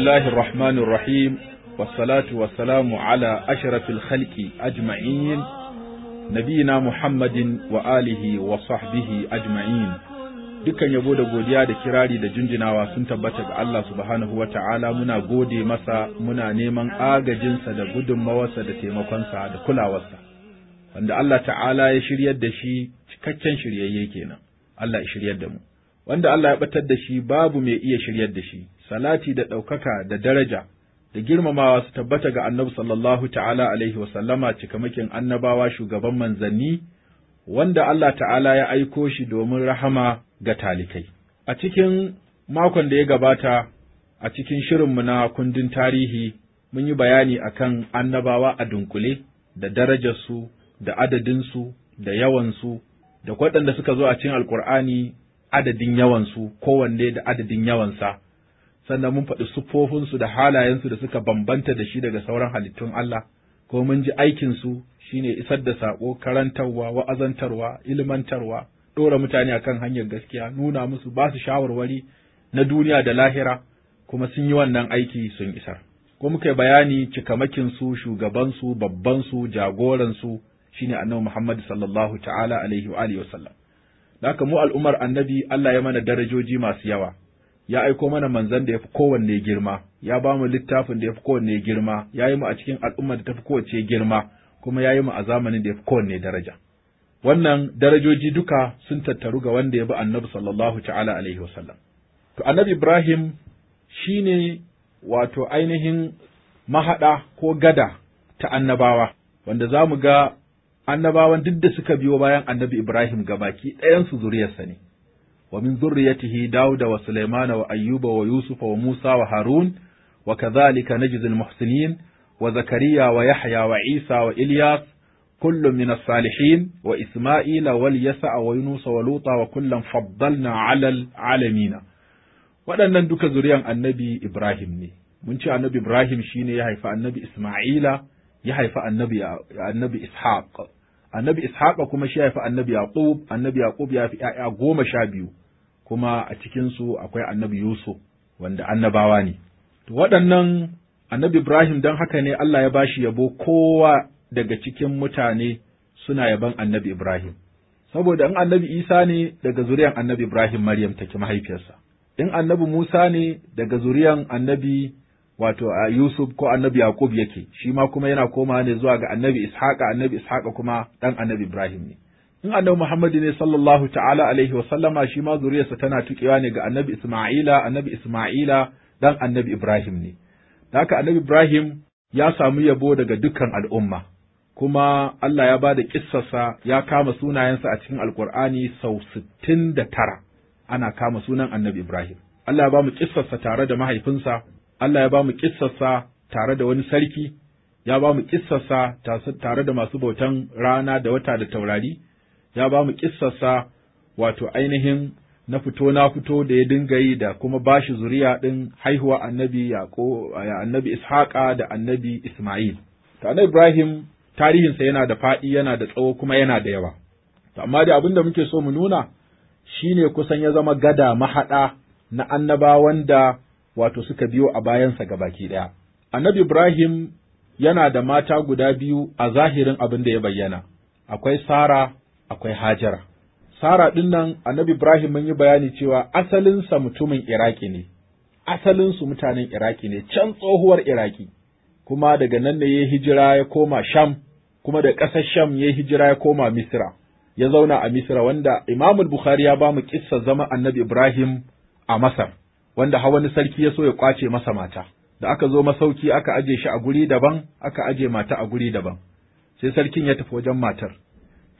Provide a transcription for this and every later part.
الله الرحمن الرحيم والصلاة والسلام على أشرف الخلق أجمعين نبينا محمد وآله وصحبه أجمعين dukkan yabo da godiya da kirari da jinjinawa sun tabbata ga Allah subhanahu wa ta'ala muna gode masa muna neman agajinsa da gudunmawarsa da taimakonsa da kulawarsa wanda Allah ta'ala ya shiryar da shi cikakken shiryayye kenan Allah ya shiryar da mu wanda Allah ya batar da shi babu mai iya shiryar da shi salati da ɗaukaka da daraja da girmamawa su tabbata ga annabi sallallahu ta'ala alaihi wasallama cikamakin annabawa shugaban manzanni wanda Allah ta'ala ya aiko shi domin rahama ga talikai. A cikin makon da ya gabata a cikin shirinmu na kundin tarihi mun yi bayani akan annabawa a dunkule da darajarsu da adadinsu da yawansu da waɗanda suka zo a cikin alkur'ani adadin yawansu kowanne da adadin yawansa sannan mun faɗi siffofinsu da halayensu da suka bambanta da shi daga sauran halittun Allah ko mun ji aikinsu shi ne isar da saƙo karantarwa wa'azantarwa ilmantarwa ɗora mutane akan hanyar gaskiya nuna musu ba su shawarwari na duniya da lahira kuma sun yi wannan aiki sun isar ko muka yi bayani cikamakinsu shugabansu babbansu jagoransu shi ne annabi Muhammad sallallahu ta'ala alaihi wa alihi wa sallam mu al'ummar annabi Allah ya mana darajoji masu yawa ya aiko mana manzan da ya fi kowanne girma ya ba mu littafin da ya fi kowanne girma ya yi mu a cikin al'umma da ta fi kowace girma kuma ya yi mu a zamanin da ya fi kowanne daraja wannan darajoji duka sun tattaru ga wanda ya bi annabi sallallahu ta'ala alaihi wasallam to annabi ibrahim shine wato ainihin mahaɗa ko gada ta annabawa wanda za mu ga annabawan duk da suka biyo bayan annabi ibrahim gabaki ɗayansu zuriyarsa ne ومن ذريته داود وسليمان وأيوب ويوسف وموسى وهارون وكذلك نجزي المحسنين وزكريا ويحيى وعيسى وإلياس كل من الصالحين وإسماعيل واليسع ويونس ولوطا وكلا فضلنا على العالمين وأن ندك زريا النبي إبراهيم ني منشي النبي إبراهيم شيني يحيى النبي إسماعيل يحيى النبي النبي إسحاق النبي إسحاق وكما شايف النبي يعقوب النبي يعقوب يا في أقوم شابيو kuma a cikinsu akwai annabi Yusuf wanda annabawa ne. Waɗannan annabi Ibrahim don haka ne Allah ya ba bashi yabo kowa daga cikin mutane suna yaban annabi Ibrahim. Saboda in annabi Isa ne daga zuriyan annabi Ibrahim Maryam take mahaifiyarsa. In annabi Musa ne daga zuriyan annabi wato a Yusuf ko annabi Yaqub yake, shi ma kuma yana koma ne zuwa ga annabi Ishaqa, annabi Ishaqa kuma ɗan annabi Ibrahim ne. in annabi Muhammadu ne sallallahu ta'ala alaihi wa sallama shi ma zuriyarsa tana tukewa ne ga annabi Isma'ila annabi Isma'ila dan annabi Ibrahim ne haka annabi Ibrahim ya samu yabo daga dukkan al'umma kuma Allah ya bada kissarsa ya kama sunayensa a cikin Alƙur'ani sau sittin da tara ana kama sunan annabi Ibrahim Allah ya ba mu kissarsa tare da mahaifinsa Allah ya bamu mu kissarsa tare da wani sarki ya bamu mu kissarsa tare da masu bautan rana da wata da taurari ya ba mu kissarsa wato ainihin na fito na fito da ya dinga yi da kuma bashi zuriya din haihuwa annabi yaƙo eh, annabi ishaqa da annabi isma'il to annabi ibrahim tarihinsa yana da faɗi yana da tsawo kuma yana da yawa to amma da abin da muke so mu nuna shine kusan ya zama gada mahaɗa na annaba wanda wato suka biyo a bayansa ga baki ɗaya annabi ibrahim yana da mata guda biyu a zahirin abin da ya bayyana akwai sara akwai Hajara. Sara ɗin nan annabi Ibrahim mun yi bayani cewa asalinsa mutumin Iraki ne, asalinsu mutanen Iraki ne, can tsohuwar Iraki, kuma daga nan ne ya hijira ya koma Sham, kuma daga ƙasar Sham ya hijira ya koma Misra, ya zauna a Misra wanda Imamul Bukhari ya ba mu kissa zama annabi Ibrahim a Masar, wanda wani sarki ya so ya ƙwace masa mata. Da aka zo masauki aka aje shi a guri daban, aka aje mata a guri daban, sai sarkin ya tafi wajen matar.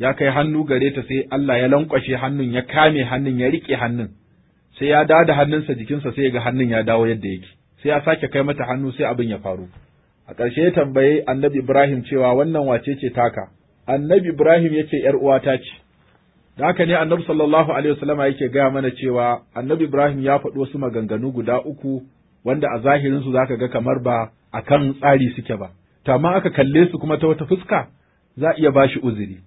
ya kai hannu gare ta sai Allah ya lankwashe hannun ya kame hannun ya riƙe hannun sai ya dawo da hannunsa jikinsa sai ya ga hannun ya dawo yadda yake sai ya sake kai mata hannu sai abin ya faru a ƙarshe ya tambaye annabi Ibrahim cewa wannan wace ce taka annabi Ibrahim ya ce ‘yar uwata ce, da haka ne annabi sallallahu Alaihi wasallama yake gaya mana cewa annabi Ibrahim ya faɗi wasu maganganu guda uku wanda a zahirin su zaka ga kamar ba a kan tsari suke ba, to amma aka kalle su kuma ta wata fuska za a iya bashi shi uzuri.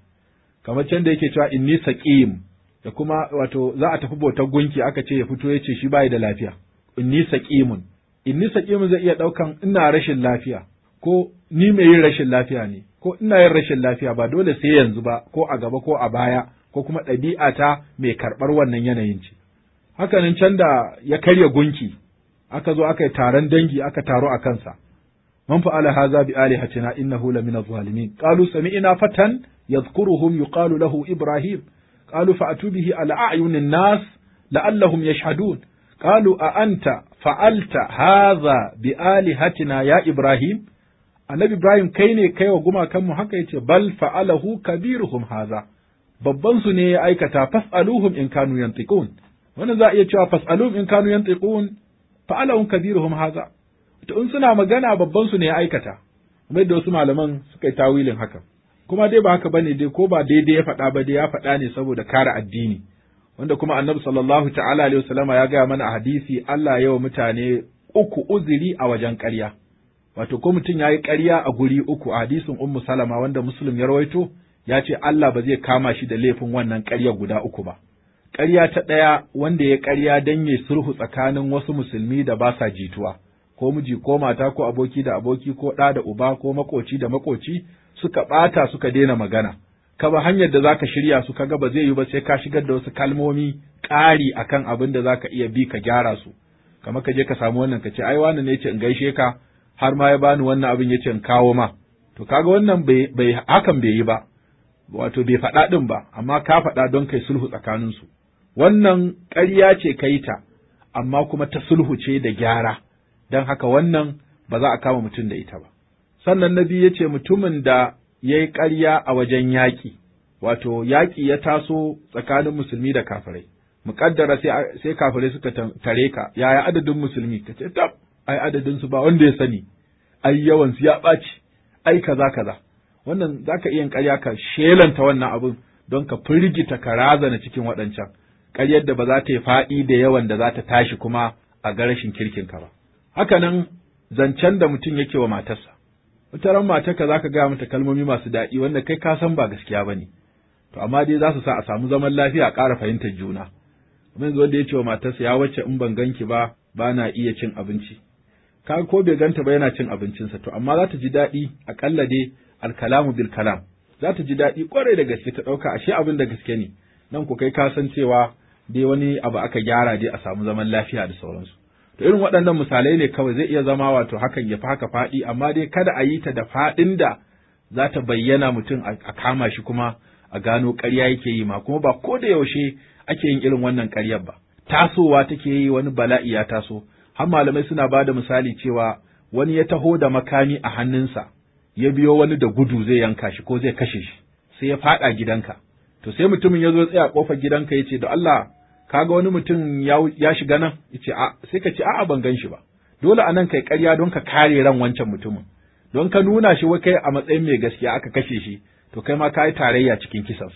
kamar can da yake cewa inni saqim da kuma wato za a tafi bautar gunki aka ce ya fito ya ce shi bai da lafiya inni saqimun inni saqimun zai iya ɗaukan ina rashin lafiya ko ni mai yin rashin lafiya ne ko ina yin rashin lafiya ba dole sai yanzu ba ko a gaba ko a baya ko kuma ɗabi'a ta mai karɓar wannan yanayin ce hakanin can da ya karya gunki aka zo aka yi taron dangi aka taro a kansa man fa'ala Haza bi alihatina innahu lamina zalimin qalu sami'na fatan يذكرهم يقال له إبراهيم قالوا فأتوا به على أعين الناس لعلهم يشهدون قالوا أأنت فعلت هذا بآلهتنا يا إبراهيم annabi Ibrahim kai ne kai wa gumakanmu haka yace bal fa'alahu kabiruhum haza babban su ne ya aikata fas'aluhum in kanu yantiqun wannan za a iya cewa fas'aluhum in kanu yantiqun fa'alahum kabiruhum haza to in suna magana babban su ne ya aikata kamar da wasu malaman suka yi tawilin hakan. kuma dai ba haka bane dai ko ba daidai ya faɗa ba dai ya faɗa ne saboda kare addini wanda kuma annabi sallallahu ta'ala alaihi wasallama ya gaya mana a hadisi Allah wa mutane uku uzuri a wajen ƙarya wato ko mutum ya yi ƙarya a guri uku a hadisin ummu salama wanda muslim ya rawaito ya ce Allah ba zai kama shi da laifin wannan ƙarya guda uku ba ƙarya ta ɗaya wanda ya ƙarya don ya sulhu tsakanin wasu musulmi da ba sa jituwa ko miji ko mata ko aboki da aboki ko ɗa da uba ko makoci da makoci suka ɓata suka daina magana ka ba hanyar da zaka shirya su kaga ba zai yi ba sai ka shigar da wasu kalmomi ƙari akan abin da zaka iya bi ka gyara su kamar ka je ka samu wannan ka ce ai wani ne ce in gaishe ka har ma ya bani wannan abin ya ce in kawo ma to kaga wannan bai hakan bai yi ba wato bai faɗa ɗin ba amma ka faɗa don kai sulhu tsakanin su wannan ƙarya ce kai ta amma kuma ta sulhu ce da gyara don haka wannan ba za a kama mutum da ita ba. Sannan na biyu ya ce mutumin da ya yi ƙarya a wajen yaƙi, wato yaƙi ya taso tsakanin musulmi da kafirai. Muƙaddara sai kafirai suka tare ka, yaya adadin musulmi? Ka ce, tab, ai adadin su ba wanda ya sani, ai yawan su ya ɓaci, ai kaza kaza. Wannan za ka iya ƙarya ka shelanta wannan abun don ka firgita ka razana cikin waɗancan. Ƙaryar da ba za ta yi faɗi da yawan da za ta tashi kuma a ga rashin kirkinka ba. haka nan zancen da mutum yake wa matarsa wata ran matarka ka gaya mata kalmomi masu daɗi wanda kai ka san ba gaskiya ba ne, to amma dai za su sa a samu zaman lafiya a ƙara fahimtar juna kuma yanzu wanda ya ce wa matarsa ya wacce in ban ganki ba ba na iya cin abinci ka ko bai ganta ba yana cin abincinsa to amma za ta ji daɗi aƙalla dai alkalamu bil kalam za ta ji daɗi ƙwarai da gaske ta ɗauka ashe abin da gaske ne nan ku kai ka san cewa dai wani abu aka gyara dai a samu zaman lafiya da sauransu to irin waɗannan misalai ne kawai zai iya zama wato hakan ya fi haka faɗi amma dai kada a yi ta da faɗin da za ta bayyana mutum a kama shi kuma a gano ƙarya yake yi ma kuma ba ko da yaushe ake yin irin wannan ƙaryar ba tasowa take yi wani bala'i ya taso har malamai suna ba da misali cewa wani ya taho da makami a hannunsa ya biyo wani da gudu zai yanka shi ko zai kashe shi sai ya faɗa gidanka to sai mutumin ya zo tsaya ƙofar gidanka ya ce da Allah kaga wani mutum ya shiga nan yace a sai ka ce a'a ban gan shi ba dole anan kai ƙarya don ka kare ran wancan mutumin don ka nuna shi wai kai a matsayin mai gaskiya aka kashe shi to kai ma ka tarayya cikin sa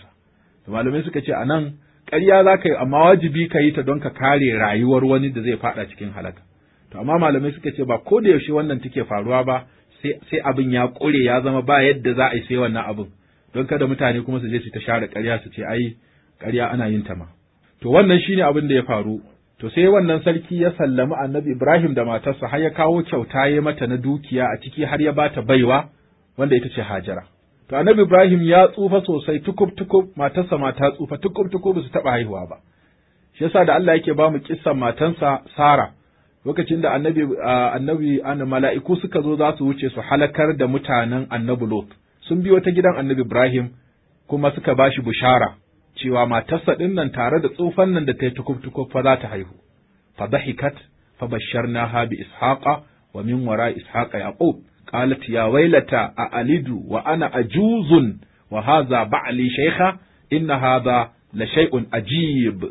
to malamai suka ce anan ƙarya za ka yi amma wajibi ka yi ta don ka kare rayuwar wani da zai faɗa cikin halaka to amma malamai suka ce ba ko da yaushe wannan take faruwa ba sai sai abin ya ƙure ya zama ba yadda za a yi sai wannan abin don kada mutane kuma su je su ta share ƙarya su ce ai ƙarya ana yin ta ma to wannan shine abin da ya faru to sai wannan sarki ya sallami annabi Ibrahim da matarsa har ya kawo kyauta ya mata na dukiya a ciki har ya bata baiwa wanda ita ce Hajara to annabi Ibrahim ya tsufa sosai tukub tukub matarsa ma ta tsufa tukub tukub su taba haihuwa ba shi yasa da Allah yake ba mu kissan matansa Sara lokacin da annabi annabi an mala'iku suka zo za su wuce su halakar da mutanen annabi sun bi wata gidan annabi Ibrahim kuma suka bashi bushara cewa matarsa ɗin nan tare da tsufan nan da ta yi tukuf-tukuf fa za ta haihu. Fa dahikat fa basharnaha bi ishaqa wa min wara ishaqa yaqub qalat ya wailata a alidu wa ana ajuzun wa hadha ba'li shaykha inna hadha la shay'un ajib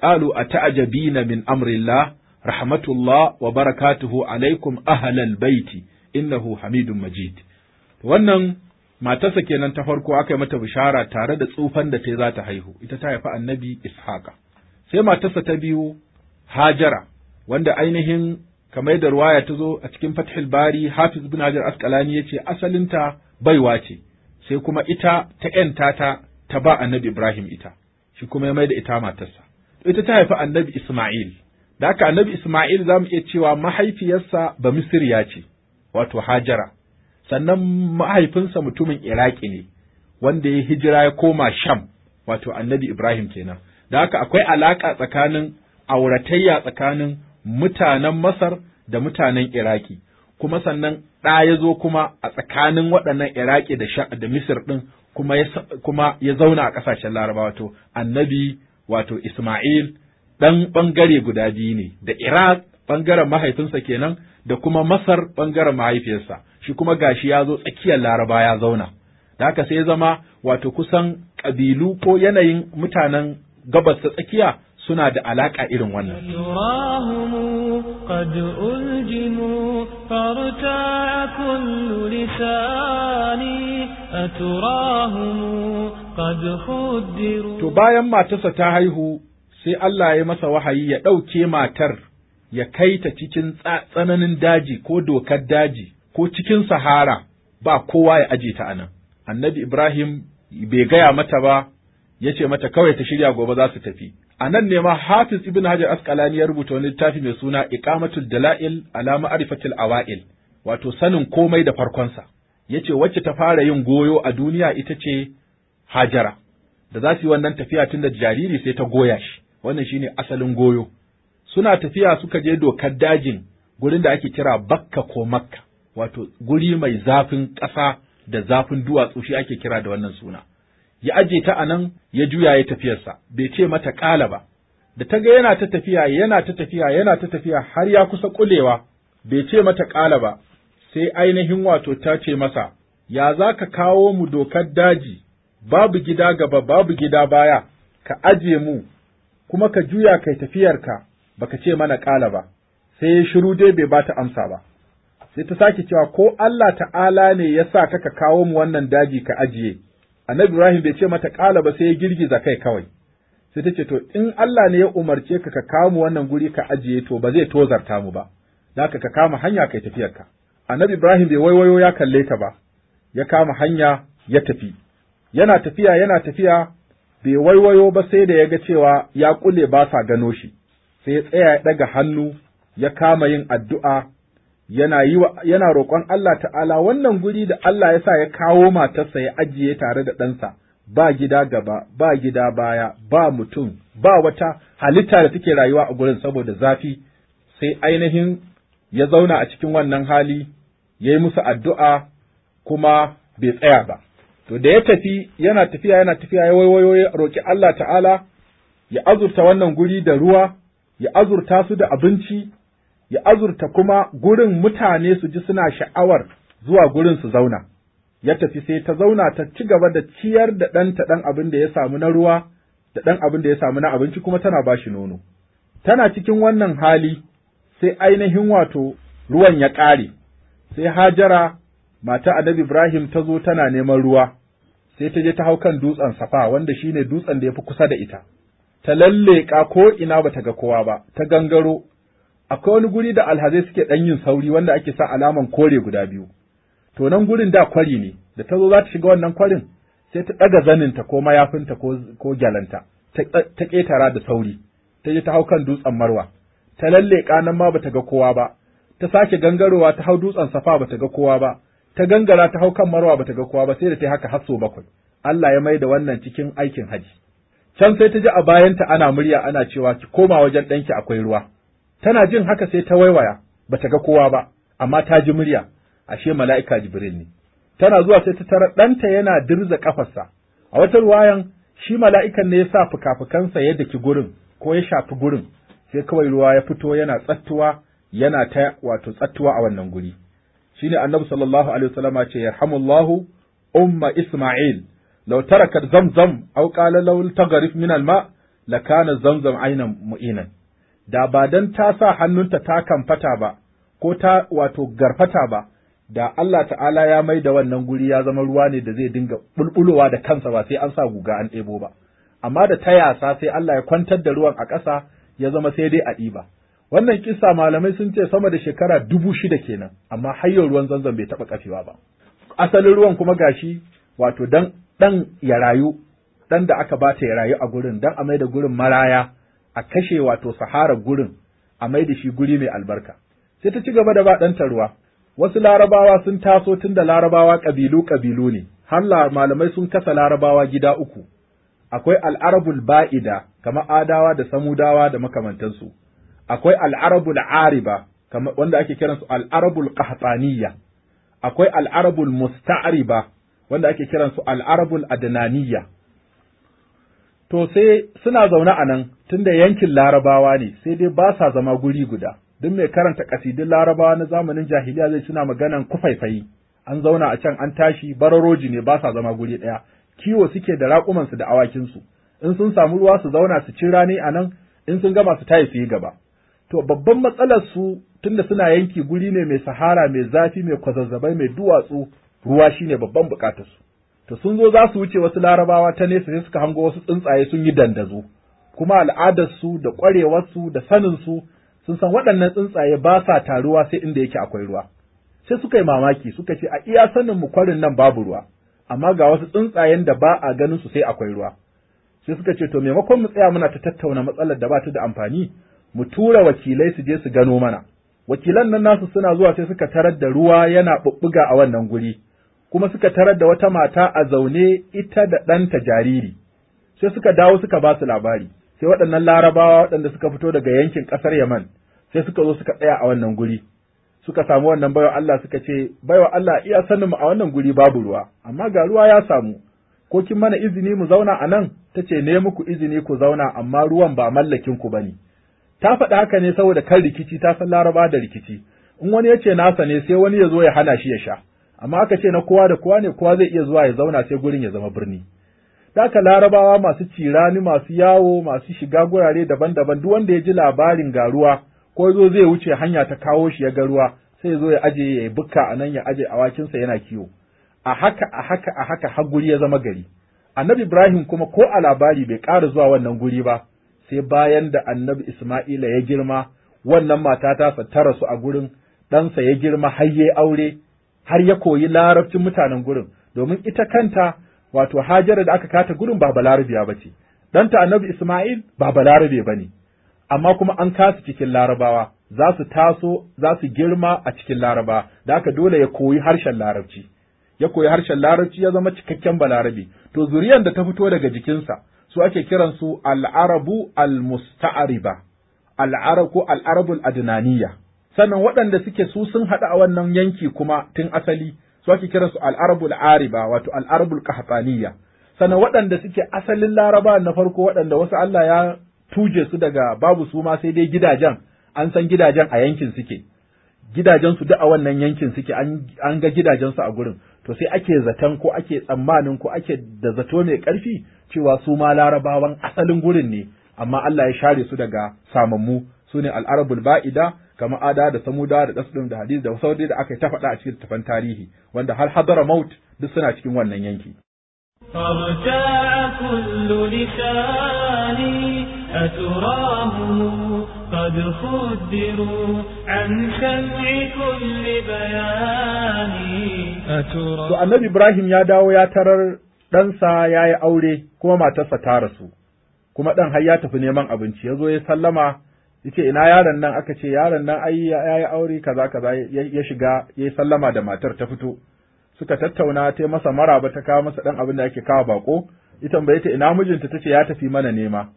قالوا أتعجبين من أمر الله رحمة الله وبركاته عليكم أهل البيت إنه Hamidun Majid. wannan matarsa kenan ta farko aka yi mata bishara tare da tsufan da ta za ta haihu ita ta haifi annabi ishaqa sai matarsa ta biyu hajara wanda ainihin kamar da ruwaya ta zo a cikin fathul bari hafiz bin hajar asqalani yace asalinta baiwa ce sai kuma ita ta ‘yanta ta ta ba annabi Ibrahim ita, shi kuma ya mai da ita matarsa. Ita ta haifi annabi Ismail, da haka annabi Ismail za mu iya cewa mahaifiyarsa ba Misiriya ce, wato Hajara, sannan mahaifinsa mutumin iraki ne wanda ya hijira ya koma sham wato annabi ibrahim kenan da haka akwai alaƙa tsakanin auratayya tsakanin mutanen masar da mutanen iraki kuma sannan ɗa ya zo kuma a tsakanin waɗannan iraki da da misir ɗin kuma ya kuma ya zauna a ƙasashen laraba wato annabi wato isma'il ɗan ɓangare guda biyu ne da iraq ɓangaren mahaifinsa kenan da kuma masar ɓangaren mahaifiyarsa shi kuma gashi ya zo tsakiyar laraba ya zauna da haka sai zama wato kusan ƙabilu ko yanayin mutanen gabas ta tsakiya suna da alaƙa irin wannan to bayan matarsa ta haihu sai Allah ya masa wahayi ya ɗauke matar ya kai ta cikin tsananin daji ko dokar daji ko cikin sahara ba kowa ya aje ta anan annabi Ibrahim bai gaya mata ba ya ce mata kawai ta shirya gobe za su tafi a nan ne ma Hafiz Ibn Hajar Asqalani ya rubuta wani littafi mai suna Iqamatul Dala'il ala Ma'rifatil Awa'il wato sanin komai da farkonsa yace wacce ta fara yin goyo a duniya ita ce Hajara da za su yi wannan tafiya tun da jariri sai ta goya shi wannan shine asalin goyo suna tafiya suka je dokar dajin gurin da ake kira Bakka ko Makka wato guri mai zafin ƙasa da zafin duwatsu shi ake kira da wannan suna ya aje ta a nan ya juya ya tafiyarsa bai ce mata ƙala ba da ta ga yana ta tafiya yana ta tafiya yana ta tafiya har ya kusa ƙulewa bai ce mata ƙala ba sai ainihin wato ta ce masa ya za ka kawo mu dokar daji babu gida gaba babu gida baya ka aje mu kuma ka juya kai tafiyarka baka ce mana ƙala ba sai ya shiru dai bai ba ta amsa ba sai ta sake cewa ko Allah ta'ala ne ya sa ka ka kawo mu wannan daji ka ajiye annabi Ibrahim bai ce mata ƙala ba sai ya girgiza kai kawai sai ta ce to in Allah ne ya umarce ka ka kawo mu wannan guri ka ajiye to ba zai tozarta mu ba da ka kama hanya kai tafiyarka annabi Ibrahim bai waiwayo ya kalle ta ba ya kama hanya ya tafi yana tafiya yana tafiya bai waiwayo ba sai da ya ga cewa ya kule ba sa gano shi sai ya tsaya ya ɗaga hannu ya kama yin addu'a yana yi yana roƙon Allah ta'ala wannan guri da Allah ya sa ya kawo matarsa ya ajiye tare da ɗansa ba gida gaba ba gida baya ba mutum ba wata halitta da take rayuwa a gurin saboda zafi sai ainihin ya zauna a cikin wannan hali ya yi musu addu'a kuma bai tsaya ba to da ya tafi yana tafiya yana tafiya ya waiwayo ya roƙi Allah ta'ala ya azurta wannan guri da ruwa ya azurta su da abinci ya azurta kuma gurin mutane su ji suna sha'awar zuwa gurin su zauna. Ya tafi sai ta zauna ta ci gaba da ciyar da ɗanta ɗan abin da ya samu na ruwa, da ɗan abin da ya samu na abinci kuma tana ba shi nono. Tana cikin wannan hali sai ainihin wato ruwan ya ƙare, sai Hajara mata Adabi Ibrahim ta zo tana neman ruwa, sai ta je ta hau kan dutsen Safa wanda shi ne dutsen da ya fi kusa da ita. Ta lalleƙa ko ina ba ta ga kowa ba, ta gangaro akwai wani guri da alhazai suke ɗan yin sauri wanda ake sa alaman kore guda biyu to nan gurin da kwari ne da ta zo za ta shiga wannan kwarin sai ta ɗaga zaninta ko mayafinta ko gyalanta ta ƙetara da sauri ta je ta hau kan dutsen marwa ta lalle kanan ma bata ga kowa ba ta sake gangarowa ta hau dutsen safa bata ga kowa ba ta gangara ta hau kan marwa bata ga kowa ba sai da ta haka hasso bakwai Allah ya mai da wannan cikin aikin haji can sai ta ji a bayanta ana murya ana cewa ki koma wajen ɗanki akwai ruwa tana jin haka sai ta waiwaya ba ta ga kowa ba amma ta ji murya ashe mala'ika jibril ne tana zuwa sai ta tarar ɗanta yana dirza ƙafarsa a wata ruwayan shi mala'ikan ne ya sa fuka-fukansa ya daki gurin ko ya shafi gurin sai kawai ruwa ya fito yana tsattuwa yana ta wato tsattuwa a wannan guri shine annabi sallallahu alaihi wasallam ce yarhamullahu umma isma'il law tarakat zamzam aw qala law tagarif min alma lakana zamzam aynan mu'inan da ba don ta sa hannunta ta kamfata ba, ko ta wato garfata ba, da Allah ta'ala ya mai da wannan guri ya zama ruwa ne da zai dinga bulbulowa da kansa ba sai an sa guga an ɗebo ba. Amma da ta yasa sai Allah ya kwantar da ruwan a ƙasa ya zama sai dai a ɗiba. Wannan kisa malamai sun ce sama da shekara dubu shida kenan, amma yau ruwan zanzan bai taɓa ƙafewa ba. Asalin ruwan kuma gashi wato dan ɗan ya rayu, ɗan da aka ba ta ya rayu a gurin, dan a mai da gurin maraya, a kashe wato sahara gurin a mai da shi guri mai albarka sai ta ci gaba da ba ɗanta ruwa wasu larabawa sun taso tun da larabawa ƙabilu ƙabilu ne har malamai sun kasa larabawa gida uku akwai al'arabul ba'ida kamar adawa da samudawa da makamantansu akwai al'arabul ariba kamar wanda ake kiransu al'arabul qahtaniyya akwai al'arabul musta'riba wanda ake kiransu al'arabul adnaniyya to sai suna zaune a nan tunda yankin larabawa ne sai dai ba sa zama guri guda duk mai karanta kasidun larabawa na zamanin jahiliya zai suna maganan kufaifayi an zauna a can an tashi bararoji ne ba sa zama guri ɗaya kiwo suke da raƙumansu da awakinsu in sun samu ruwa su zauna su ci rani a nan in sun gama su tayi su yi gaba to babban matsalar su tunda suna yanki guri ne mai sahara mai zafi mai kwazazzabai mai duwatsu ruwa shine babban bukatarsu su to sun zo za su wuce wasu larabawa ta nesa sai suka hango wasu tsuntsaye sun yi dandazo kuma al'adarsu da ƙwarewarsu da saninsu sun san waɗannan tsuntsaye ba sa taruwa sai inda yake akwai ruwa sai suka yi mamaki suka ce a iya sanin mu kwarin nan babu ruwa amma ga wasu tsuntsayen da ba a ganin su sai akwai ruwa sai suka ce to maimakon mu tsaya muna ta tattauna matsalar da ba ta da amfani mu tura wakilai su je su gano mana wakilan nan nasu suna zuwa sai suka tarar da ruwa yana bubbuga a wannan guri kuma suka tarar da wata mata a zaune ita da ɗanta jariri, sai suka dawo suka ba su labari, sai waɗannan larabawa waɗanda suka fito daga yankin ƙasar Yaman, sai suka zo suka tsaya a wannan guri, suka samu wannan baiwa Allah suka ce, baiwa Allah iya sanin mu a wannan guri babu ruwa, amma ga ruwa ya samu, ko kin mana izini mu zauna a nan, ta ce ne muku izini ku zauna amma ruwan ba mallakin ku bane. Ta faɗi haka ne saboda kan rikici ta san laraba da rikici, in wani ya ce nasa ne sai wani ya zo ya hana shi ya sha. amma aka ce na kowa da kowa ne kowa zai iya zuwa ya zauna sai gurin ya zama birni Daka larabawa masu cirani masu yawo masu shiga gurare daban-daban duk wanda ya ji labarin garuwa, ruwa ko zo zai wuce hanya ta kawo shi ya ga ruwa sai zo ya aje ya bukka a nan ya aje awakinsa yana kiwo a haka a haka a haka har guri ya zama gari annabi ibrahim kuma ko a labari bai ƙara zuwa wannan guri ba sai bayan da annabi isma'ila ya girma wannan mata ta rasu su a gurin ɗansa ya girma har yayi aure har ya koyi larabcin mutanen gurin domin ita kanta wato Hajara da aka kata gurin ba balarabiya ba ce ɗanta annabi Ismail ba balarabe ba ne amma kuma an kasa cikin larabawa za su taso za su girma a cikin laraba da aka dole ya koyi harshen larabci ya koyi harshen larabci ya zama cikakken balarabe to zuriyar da ta fito daga jikinsa su ake kiran su al'arabu al-musta'ariba al'arabu al'arabul adnaniya sannan waɗanda suke su sun haɗu a wannan yanki kuma tun asali su ake kiransu al'arabul ariba wato al'arabul qahtaniya sannan waɗanda suke asalin laraba na farko waɗanda wasu Allah ya tuje su daga babu su ma sai dai gidajen an san gidajen a yankin suke gidajen su duk a wannan yankin suke an ga gidajen su a gurin to sai ake zaton ko ake tsammanin ko ake da zato mai ƙarfi cewa su ma larabawan asalin gurin ne amma Allah ya share su daga samammu su ne al'arabul ba'ida kamar ada da samuda da ɗasɗin da hadis da saudi da aka yi ta faɗa a cikin tafan tarihi wanda har hadara maut duk suna cikin wannan yanki. to annabi Ibrahim ya dawo ya tarar ɗansa ya yi aure kuma matarsa ta rasu kuma ɗan har ya tafi neman abinci ya zo ya sallama yace ina yaron nan aka ce yaron nan ai yayi aure kaza kaza ya shiga yayi sallama da matar ta fito suka tattauna ta masa maraba ta kawo masa dan abin da ake kawo bako ita bai ta ina mijinta tace ya tafi mana nema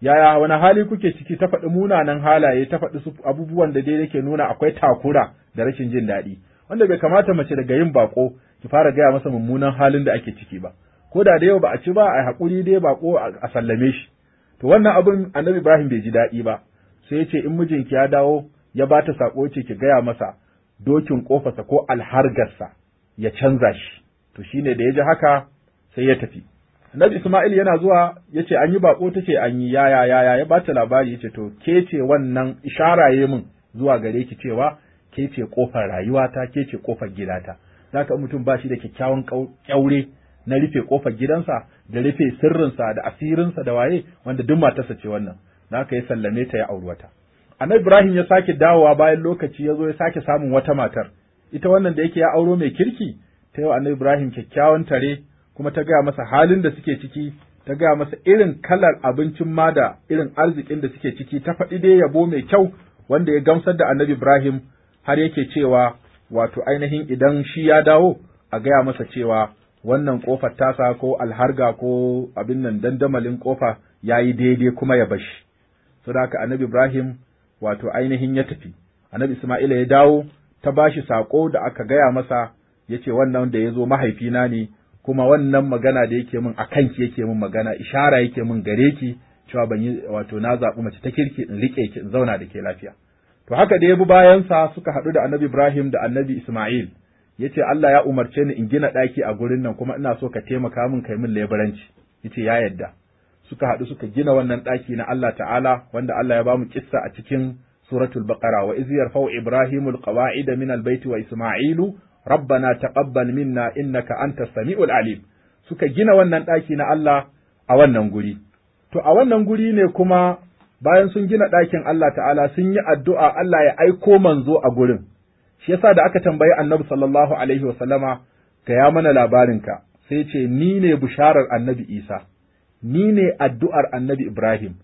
yaya wani hali kuke ciki ta faɗi munanan halaye ta faɗi su abubuwan da dai yake nuna akwai takura da rashin jin daɗi wanda bai kamata mace daga yin bako ki fara gaya masa mummunan halin da ake ciki ba ko da da yau ba a ci ba a haƙuri dai bako a sallame shi to wannan abin annabi Ibrahim bai ji daɗi ba sai ce in mijinki ya dawo ya bata sako ce ki gaya masa dokin ƙofarsa ko alhargarsa ya canza shi to shine da ya ji haka sai ya tafi Annabi Isma'il yana zuwa yace an yi bako tace an yi yaya yaya ya ba ta labari yace to ke ce wannan isharaye mun zuwa gare ki cewa ke ce kofar rayuwata ke ce kofar gidata zaka mutum ba shi da kyakkyawan ƙyaure na rufe kofar gidansa da rufe sirrinsa da asirinsa da waye wanda duk matarsa ce wannan da haka yi sallame ta ya auri wata annabi ibrahim ya sake dawowa bayan lokaci ya zo ya sake samun wata matar ita wannan da yake ya auro mai kirki ta yau annabi ibrahim kyakkyawan tare kuma ta gaya masa halin da suke ciki ta gaya masa irin kalar abincin ma da irin arzikin da suke ciki ta faɗi dai yabo mai kyau wanda ya gamsar da annabi ibrahim har yake cewa wato ainihin idan shi ya dawo a gaya masa cewa wannan kofar tasa ko alharga ko abin nan dandamalin kofa ya yi daidai kuma ya bashi saboda haka annabi Ibrahim wato ainihin ya tafi annabi Isma'ila ya dawo ta bashi saƙo da aka gaya masa ya ce wannan da ya zo mahaifina ne kuma wannan magana da yake min a kanki yake min magana ishara yake min gare ki cewa ban yi wato na zaɓi mace ta kirki in riƙe ki in zauna da ke lafiya to haka da ya bi bayansa suka haɗu da annabi Ibrahim da annabi Isma'il ya ce Allah ya umarce ni in gina ɗaki a gurin nan kuma ina so ka taimaka min kai min leburanci ya ce ya yadda suka haɗu suka gina wannan ɗaki na Allah ta'ala wanda Allah ya ba mu kissa a cikin suratul baqara wa iz yarfa'u ibrahimul qawa'ida min wa isma'ilu rabbana taqabbal minna innaka antas samiul alim suka gina wannan ɗaki na Allah a wannan guri to a wannan guri ne kuma bayan sun gina ɗakin Allah ta'ala sun yi addu'a Allah ya aiko manzo a gurin shi yasa da aka tambayi annabi sallallahu alaihi wasallama ga ya mana labarinka sai ce ni ne bisharar annabi Isa ni ne addu'ar annabi Ibrahim,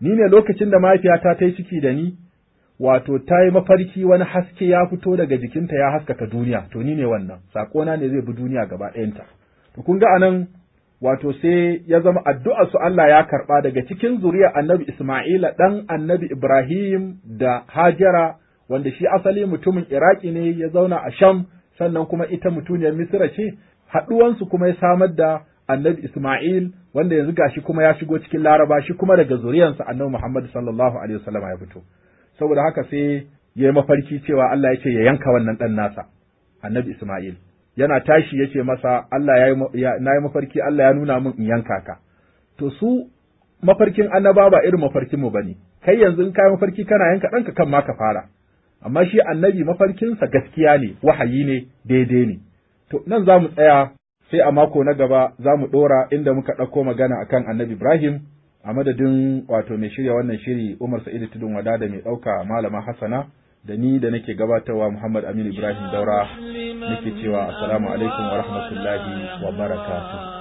ni ne lokacin da mahaifiyata ta yi ciki da ni, wato ta yi mafarki wani haske ya fito daga jikinta ya haskaka duniya, to ni ne wannan, saƙona ne zai bi duniya gaba ɗayanta. To kun ga anan wato sai ya zama addu'ar su Allah ya karɓa daga cikin zuriya annabi Ismaila ɗan annabi Ibrahim da Hajara wanda shi asali mutumin Iraki ne ya zauna a Sham sannan kuma ita mutuniyar Misira ce, haɗuwansu kuma ya samar da annabi Ismail wanda yanzu gashi kuma ya shigo cikin laraba shi kuma daga zuriyarsa annabi Muhammad sallallahu alaihi wasallam ya fito saboda haka sai ya yi mafarki cewa Allah ya ce ya yanka wannan dan nasa annabi Ismail yana tashi ya ce masa Allah ya yi mafarki Allah ya nuna min in yanka ka to su mafarkin annaba ba irin mafarkin mu bane kai yanzu in kai mafarki kana yanka ɗanka kan ma ka fara amma shi annabi mafarkinsa gaskiya ne wahayi ne daidai ne to nan za mu tsaya sai a mako na gaba za mu ɗora inda muka ɗauko magana a kan annabi Ibrahim a madadin wato mai shirya wannan shiri Umar Sa'idu Tudun Wada da mai ɗauka Malama Hassana da ni da nake gabatarwa Muhammad Aminu Ibrahim Daura nake cewa assalamu alaikum wa rahmatullahi wa barakatuh.